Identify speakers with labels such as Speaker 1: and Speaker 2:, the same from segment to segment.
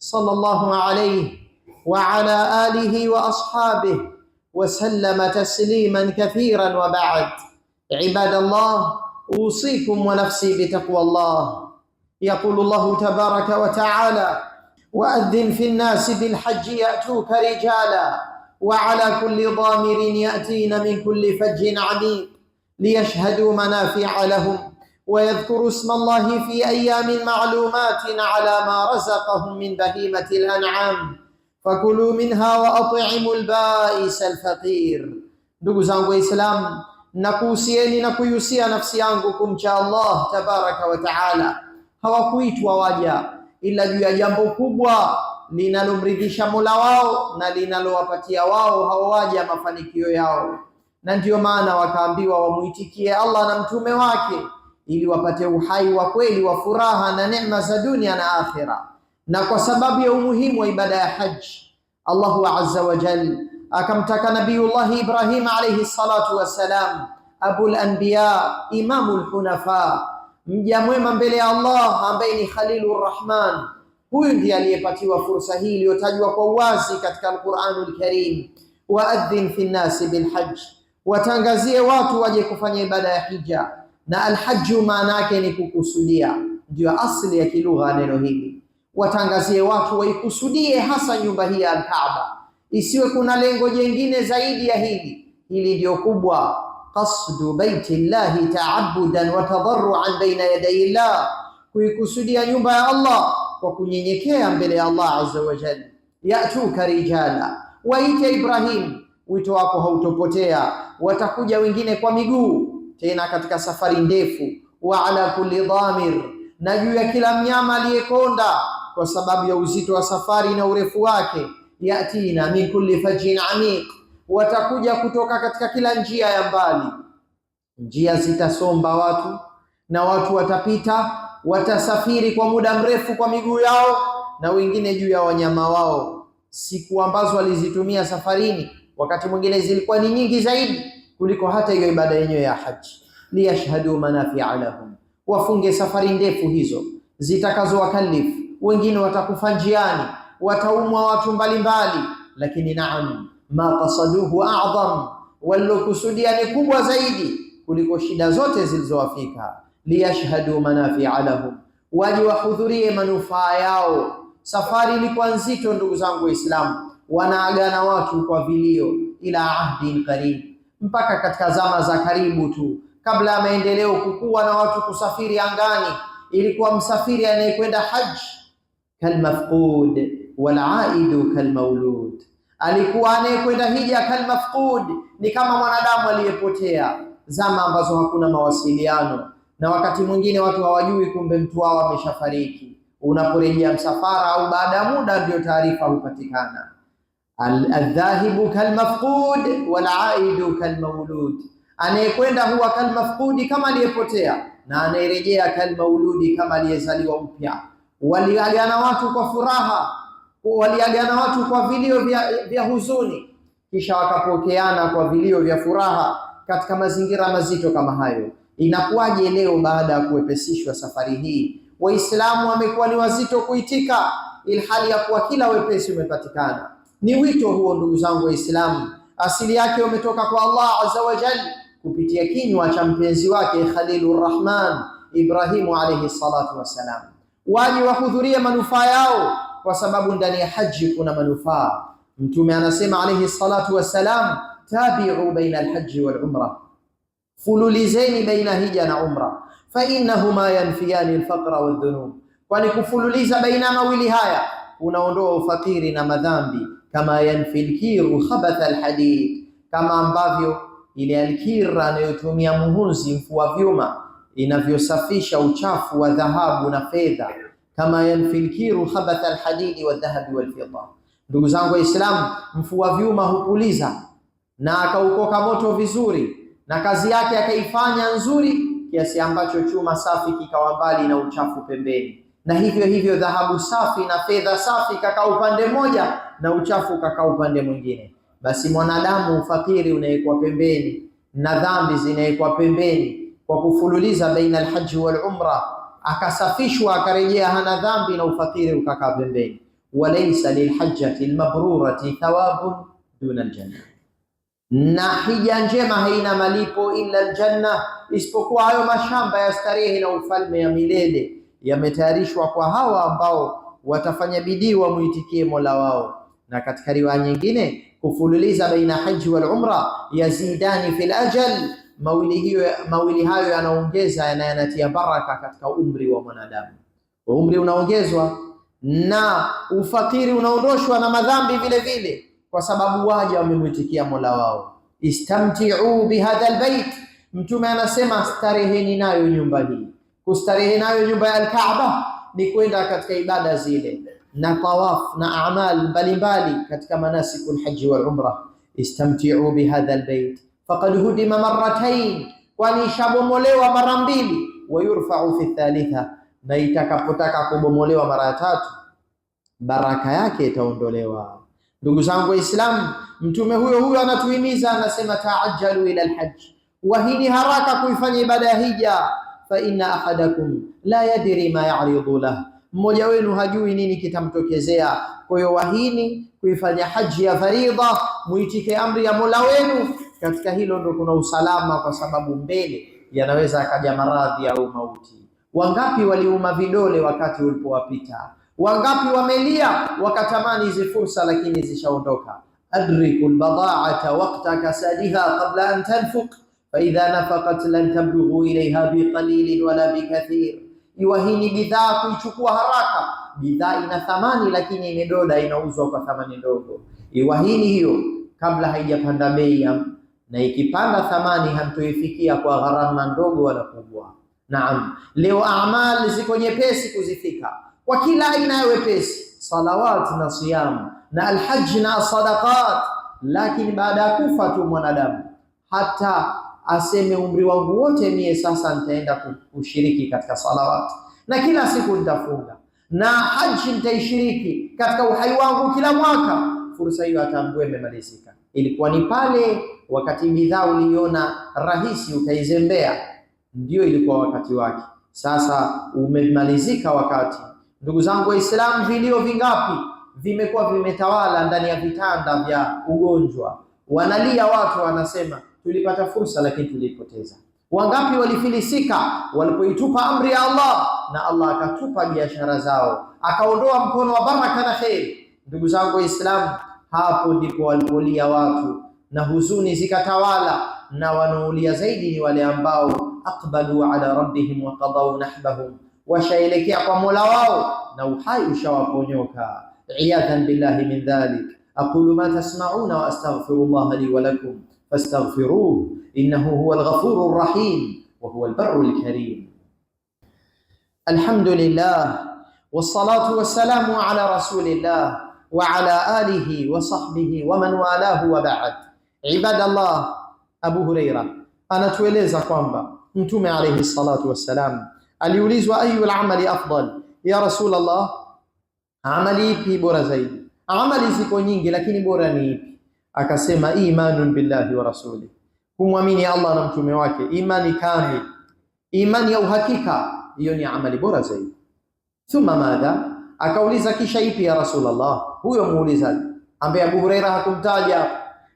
Speaker 1: صلى الله عليه وعلى آله وأصحابه وسلم تسليما كثيرا وبعد عباد الله أوصيكم ونفسي بتقوى الله يقول الله تبارك وتعالى وأذن في الناس بالحج يأتوك رجالا وعلى كل ضامر يأتين من كل فج عميق ليشهدوا منافع لهم ويذكروا اسم الله في أيام معلومات على ما رزقهم من بهيمة الأنعام fakulu minha wa at'imu alba'is Ndugu zangu Waislamu, nakuhusieni na kuihusia nafsi yangu kumcha Allah tabaraka wa taala. Hawakuitwa waja ila juu ya jambo kubwa linalomridhisha mola wao na linalowapatia wao hao mafanikio yao, na ndiyo maana wakaambiwa wamuitikie Allah na mtume wake ili wapate uhai wa kweli wa furaha na neema za dunia na akhira. Na kwa sababu ya umuhimu wa ibada ya haji, Allahu azza wa jal akamtaka Nabiyullahi Ibrahim alayhi salatu wassalam, abul anbiya, imamul hunafa, mja mwema mbele ya Allah ambaye ni khalilur rahman. Huyu ndiye aliyepatiwa fursa hii iliyotajwa kwa uwazi katika Alquranul Karim, waadhin fi nnasi bilhaji, watangazie watu waje kufanya ibada ya hija na alhaju maana yake ni kukusudia, ndio asili ya kilugha neno hili. Watangazie watu waikusudie hasa nyumba hii ya Alkaaba, isiwe kuna lengo jengine zaidi ya hili. Hili ndio kubwa, qasdu baiti llahi taabudan wa tadarruan baina yaday llah, kuikusudia nyumba ya Allah kwa kunyenyekea mbele ya Allah azza wa jalla. Yatuka rijala, waite Ibrahim, wito wako hautopotea. Watakuja wengine kwa miguu tena katika safari ndefu. Wa ala kulli dhamir, na juu ya kila mnyama aliyekonda kwa sababu ya uzito wa safari na urefu wake. Yatina min kulli fajin amiq, watakuja kutoka katika kila njia ya mbali. Njia zitasomba watu na watu watapita, watasafiri kwa muda mrefu kwa miguu yao na wengine juu ya wanyama wao. Siku ambazo walizitumia safarini, wakati mwingine zilikuwa ni nyingi zaidi kuliko hata hiyo ibada yenyewe ya haji. Liyashhadu manafia lahum, wafunge safari ndefu hizo zitakazowakalifu. Wengine watakufa njiani, wataumwa watu mbalimbali, lakini naam, ma qasaduhu a'dham, walilokusudia ni kubwa zaidi kuliko shida zote zilizowafika. Liyashhadu manafia lahum, waje wahudhurie manufaa yao. Safari ilikuwa nzito, ndugu zangu Waislamu, wanaagana watu kwa vilio, ila ahdin qarib mpaka katika zama za karibu tu, kabla ya maendeleo kukua na watu kusafiri angani, ilikuwa msafiri anayekwenda haji kalmafqud walaidu kalmaulud, alikuwa anayekwenda hija kalmafqud, ni kama mwanadamu aliyepotea. Zama ambazo hakuna mawasiliano na wakati mwingine watu hawajui, kumbe mtu wao ameshafariki. Unaporejea msafara au baada ya muda, ndio taarifa hupatikana. Aldhahibu kalmafqud walaidu kalmaulud, anayekwenda huwa kalmafqudi, kama aliyepotea, na anayerejea kalmauludi, kama aliyezaliwa upya. Waliagana watu kwa furaha, waliagana watu kwa vilio vya, vya huzuni, kisha wakapokeana kwa vilio vya furaha katika mazingira mazito kama hayo. Inakuwaje leo baada ya kuwepesishwa safari hii Waislamu wamekuwa ni wazito kuitika, ilhali ya kuwa kila wepesi umepatikana. Ni wito huo, ndugu zangu Waislamu, asili yake umetoka kwa Allah azza wa jalla kupitia kinywa cha mpenzi wake Khalilur Rahman Ibrahimu alayhi salatu wassalam. Waje wahudhurie manufaa yao, kwa sababu ndani ya haji kuna manufaa. Mtume anasema alayhi salatu wassalam, tabi'u baina alhaji wal umra, fululizeni baina hija na umra, fa innahuma yanfiyani alfaqra wadhunub, kwani kufululiza baina mawili haya unaondoa ufakiri na madhambi kama yanfi lkiru khabatha alhadid, kama ambavyo ile alkira anayotumia muhunzi mfua vyuma inavyosafisha uchafu wa dhahabu na fedha. Kama yanfi lkiru khabatha alhadidi wal fidda, Ndugu zangu Waislamu, mfua vyuma hupuliza na akaukoka moto vizuri na kazi yake akaifanya nzuri kiasi ambacho chuma safi kikawa mbali na uchafu pembeni, na hivyo hivyo dhahabu safi na fedha safi kakaa upande mmoja na uchafu ukakaa upande mwingine, basi mwanadamu ufakiri unawekwa pembeni na dhambi zinawekwa pembeni kwa kufululiza baina alhaji wal umra, akasafishwa akarejea hana dhambi na ufakiri ukakaa pembeni. Walaysa lilhajjati almabrurati thawabun duna aljanna, na hija njema haina malipo illa aljanna, isipokuwa hayo mashamba ya starehe na ufalme ya milele yametayarishwa kwa hawa ambao watafanya bidii wamwitikie Mola wao na katika riwaya nyingine kufululiza baina haji wal umra yazidani fil ajal, mawili hiyo mawili hayo yanaongeza na yanatia baraka katika umri wa mwanadamu. Umri unaongezwa na ufakiri unaondoshwa na madhambi vile vile, kwa sababu waja wamemwitikia Mola wao. Istamti'u bihadha albayt, Mtume anasema stareheni nayo nyumba hii. Kustarehe nayo nyumba ya Alkaaba ni kwenda katika ibada zile na tawaf na amal mbalimbali katika manasiku lhaji wal umra. Istamti'u bihadha albayt faqad hudima marratain, kwani ishabomolewa mara mbili. Wa fi thalitha, na itakapotaka kubomolewa mara ya tatu baraka yake itaondolewa. Ndugu zangu Waislamu, mtume huyo huyo anatuhimiza anasema, taajjalu ila alhaji, wahini haraka kuifanya ibada ya hija, fa inna ahadakum la yadri ma ya'ridu lahu mmoja wenu hajui nini kitamtokezea. Kwa hiyo wahini kuifanya haji ya faridha, muitike amri ya Mola wenu katika hilo, ndo kuna usalama, kwa sababu mbele yanaweza akaja maradhi au mauti. Wangapi waliuma vidole wakati ulipowapita? Wangapi wamelia wakatamani hizi fursa, lakini zishaondoka. adriku lbadaata wakta kasadiha qabla an tanfuk faidha nafakat lan tablughu ilaiha biqalilin wala bikathir ni bidhaa kuichukua haraka. Bidhaa ina thamani, lakini imedoda, inauzwa kwa thamani ndogo. Iwahini hiyo kabla haijapanda bei, na ikipanda thamani hamtoifikia kwa gharama ndogo wala kubwa. Naam, leo amali ziko nyepesi kuzifika kwa kila aina ya wepesi, salawat na siyamu na alhaji na sadaqat, lakini baada ya kufa tu mwanadamu hata aseme umri wangu wote mie sasa nitaenda kushiriki katika salawati na kila siku nitafunga na haji nitaishiriki katika uhai wangu kila mwaka, fursa hiyo atambue imemalizika. Ilikuwa ni pale wakati bidhaa uliona rahisi ukaizembea, ndio ilikuwa wakati wake. Sasa umemalizika wakati. Ndugu zangu Waislamu, vilio vingapi vimekuwa vimetawala ndani ya vitanda vya ugonjwa Wanalia watu wanasema, tulipata fursa lakini tuliipoteza. Wangapi walifilisika walipoitupa amri ya Allah na Allah akatupa biashara zao, akaondoa mkono wa baraka na kheri. Ndugu zangu Waislamu, hapo ndipo walipolia watu na huzuni zikatawala, na wanaolia zaidi ni wale ambao aqbalu ala rabbihim wa qadau nahbahum, washaelekea kwa mola wao na uhai ushawaponyoka. Iyadhan billahi min dhalik. أقول ما تسمعون وأستغفر الله لي ولكم فاستغفروه إنه هو الغفور الرحيم وهو البر الكريم الحمد لله والصلاة والسلام على رسول الله وعلى آله وصحبه ومن والاه وبعد عباد الله أبو هريرة انا تويليزا mtume انتم عليه الصلاه والسلام اليوليز واي العمل افضل يا رسول الله عملي في zaidi amali ziko nyingi, lakini bora ni ipi? Akasema imanun billahi wa rasuli, kumwamini Allah na mtume wake, imani kamili, imani ya uhakika, hiyo ni amali bora zaidi. Thumma madha, akauliza kisha ipi ya Rasulullah? Huyo muulizaji ambaye Abu Huraira hakumtaja,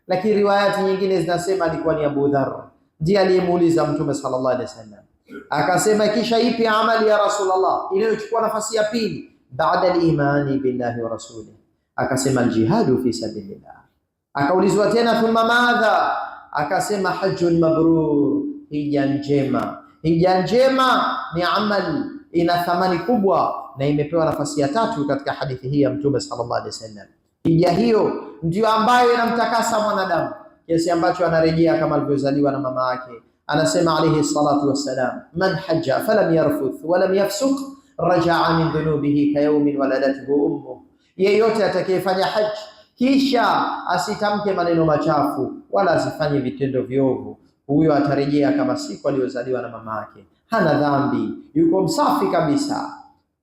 Speaker 1: lakini riwayati nyingine zinasema alikuwa ni Abu Dhar ndiye aliyemuuliza mtume sallallahu alaihi wasallam, akasema kisha ipi amali ya Rasulullah, inayochukua nafasi ya pili baada al-imani billahi wa rasuli akasema aljihadu fi sabilillah. Akaulizwa tena thumma madha, akasema hajjun mabrur, hija njema. Hija njema ni amal ina thamani kubwa na imepewa nafasi ya tatu katika hadithi hii ya Mtume sallallahu alaihi wasallam. Hija hiyo ndiyo ambayo inamtakasa mwanadamu kiasi ambacho anarejea kama alivyozaliwa na mama yake. Anasema alaihi salatu wassalam, man hajja falam yarfuth walam yafsuk rajaa min dhunubihi kayaumin waladathu ummuh Yeyote atakayefanya haji kisha asitamke maneno machafu wala asifanye vitendo viovu, huyo atarejea kama siku aliyozaliwa na mama yake, hana dhambi, yuko msafi kabisa.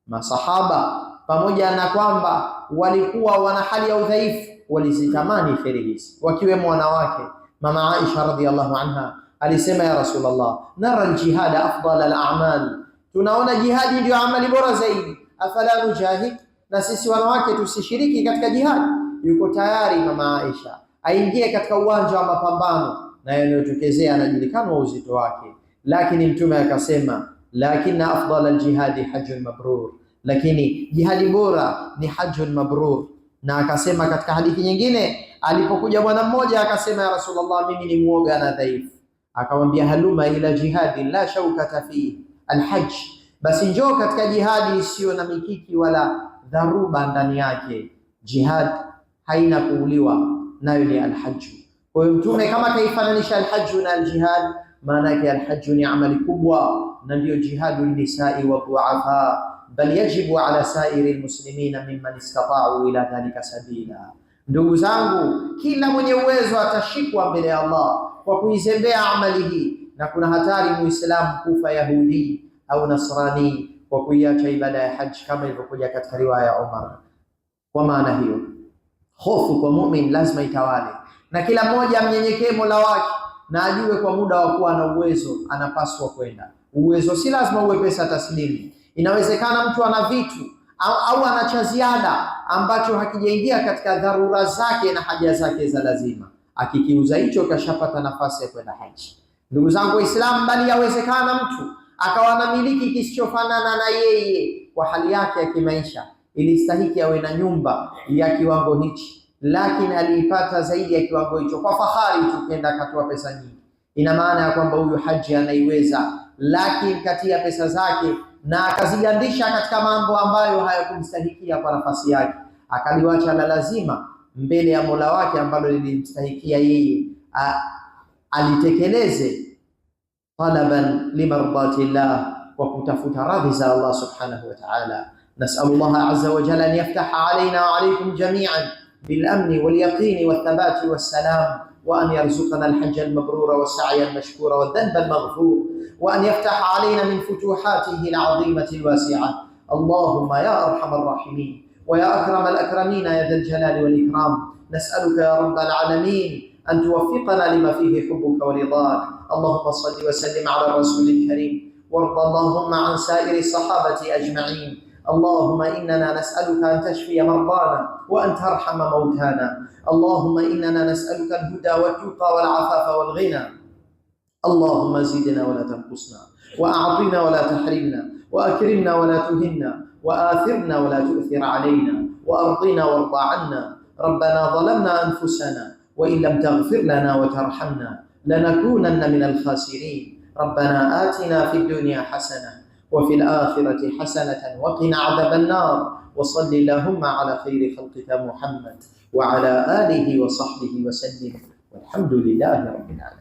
Speaker 1: Masahaba pamoja na kwamba walikuwa wana hali ya udhaifu, walizitamani kheri hizi, wakiwemo wanawake. Mama Aisha radhiallahu anha alisema, ya Rasulullah, nara ljihada afdal al a'mal, tunaona jihadi ndiyo amali bora zaidi, afala nujahid na sisi wanawake tusishiriki katika jihadi? Yuko tayari mama Aisha aingie katika uwanja wa mapambano, na yanayotokezea anajulikana uzito wake. Lakini mtume akasema, lakina afdal aljihadi hajjun mabrur, lakini jihadi bora ni hajjun mabrur. Na akasema katika hadithi nyingine, alipokuja bwana mmoja akasema, ya Rasulullah, mimi ni muoga na dhaifu. Akamwambia, haluma ila jihadi la shaukata fihi alhajj, basi njoo katika jihadi isiyo na mikiki wala dharuba ndani yake. Jihad haina kuuliwa, nayo ni alhaju. Kwa hiyo Mtume kama kaifananisha alhaju na aljihad, maana yake alhaju ni amali kubwa, na ndiyo jihadu nisai wa duafa, bal yajibu ala sairi lmuslimina mimman istatau ila dhalika sabila. Ndugu zangu, kila mwenye uwezo atashikwa mbele ya Allah kwa kuizembea amali hii, na kuna hatari muislamu kufa yahudi au nasrani kwa kuiacha ibada ya haji kama ilivyokuja katika riwaya ya Umar. Kwa maana hiyo, hofu kwa muumini lazima itawale, na kila mmoja amnyenyekee mola wake na ajue kwa muda wa kuwa na uwezo anapaswa kwenda. Uwezo si lazima uwe pesa taslimu. Inawezekana mtu ana vitu au, au ana cha ziada ambacho hakijaingia katika dharura zake na haja zake za lazima. Akikiuza hicho, kashapata nafasi ya kwenda haji. Ndugu zangu Waislamu, bali yawezekana mtu akawa anamiliki kisichofanana na yeye kwa hali yake ya kimaisha, ilistahiki awe na nyumba ya kiwango hichi, lakini aliipata zaidi ya kiwango hicho kwa fahari tu, kenda akatoa pesa nyingi. Ina maana ya kwamba huyu haji anaiweza, lakini kati ya pesa zake na akazigandisha katika mambo ambayo hayakumstahikia kwa nafasi yake, akaliwacha la lazima mbele ya Mola wake ambalo lilimstahikia yeye alitekeleze طلبا لمرضاة الله وكتفوتا راضي الله سبحانه وتعالى نسأل الله عز وجل أن يفتح علينا وعليكم جميعا بالأمن واليقين والثبات والسلام وأن يرزقنا الحج المبرور والسعي المشكور والذنب المغفور وأن يفتح علينا من فتوحاته العظيمة الواسعة اللهم يا أرحم الراحمين ويا أكرم الأكرمين يا ذا الجلال والإكرام نسألك يا رب العالمين أن توفقنا لما فيه حبك ورضاك اللهم صل وسلم على الرسول الكريم وارض اللهم عن سائر الصحابة أجمعين اللهم إننا نسألك أن تشفي مرضانا وأن ترحم موتانا اللهم إننا نسألك الهدى والتقى والعفاف والغنى اللهم زدنا ولا تنقصنا وأعطنا ولا تحرمنا وأكرمنا ولا تهنا وآثرنا ولا تؤثر علينا وأرضنا وارض عنا ربنا ظلمنا أنفسنا وإن لم تغفر لنا وترحمنا لنكونن من الخاسرين ربنا آتنا في الدنيا حسنة وفي الآخرة حسنة وقنا عذاب النار وصل اللهم على خير خلقك محمد وعلى آله وصحبه وسلم والحمد لله رب العالمين